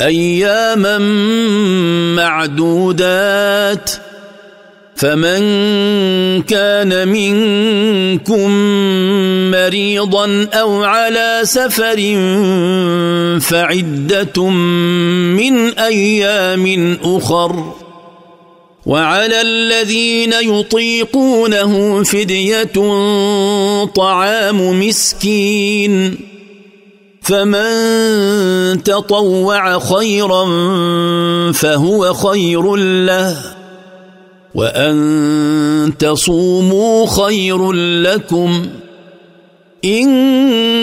اياما معدودات فمن كان منكم مريضا او على سفر فعده من ايام اخر وعلى الذين يطيقونه فديه طعام مسكين فمن تطوع خيرا فهو خير له وان تصوموا خير لكم ان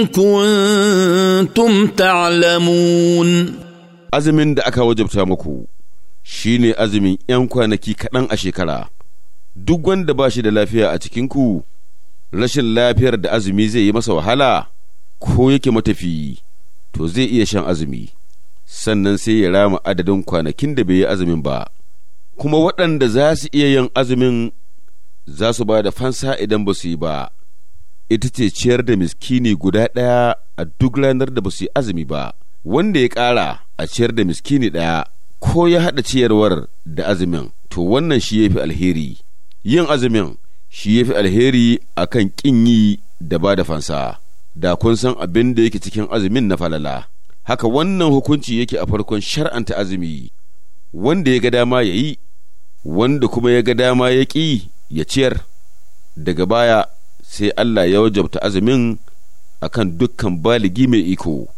كنتم تعلمون azumin da aka wajabta muku shine azumin 'yan kwanaki kaɗan a shekara duk wanda ba shi da lafiya a cikinku rashin lafiyar da azumi zai yi masa wahala ko yake matafiyi to zai iya shan azumi sannan sai ya rama adadin kwanakin da bai yi azumin ba kuma waɗanda za su iya yin azumin za su ba da fansa idan ba su yi ba ita ce ciyar da miskini guda ɗaya a duk ranar da ba su yi azumi ba wanda ya ƙara a ciyar da miskini ɗaya ko ya haɗa ciyarwar da azumin to wannan shi ya fi alheri yin azumin shi ya fi alheri a kan ƙin yi da ba da fansa da kun san abin da yake cikin azumin na falala haka wannan hukunci yake a farkon shar'anta azumi wanda ya ga dama ya yi wanda kuma ya ga dama ya ƙi ya ciyar daga baya sai Allah ya wajabta azumin akan dukkan baligi mai iko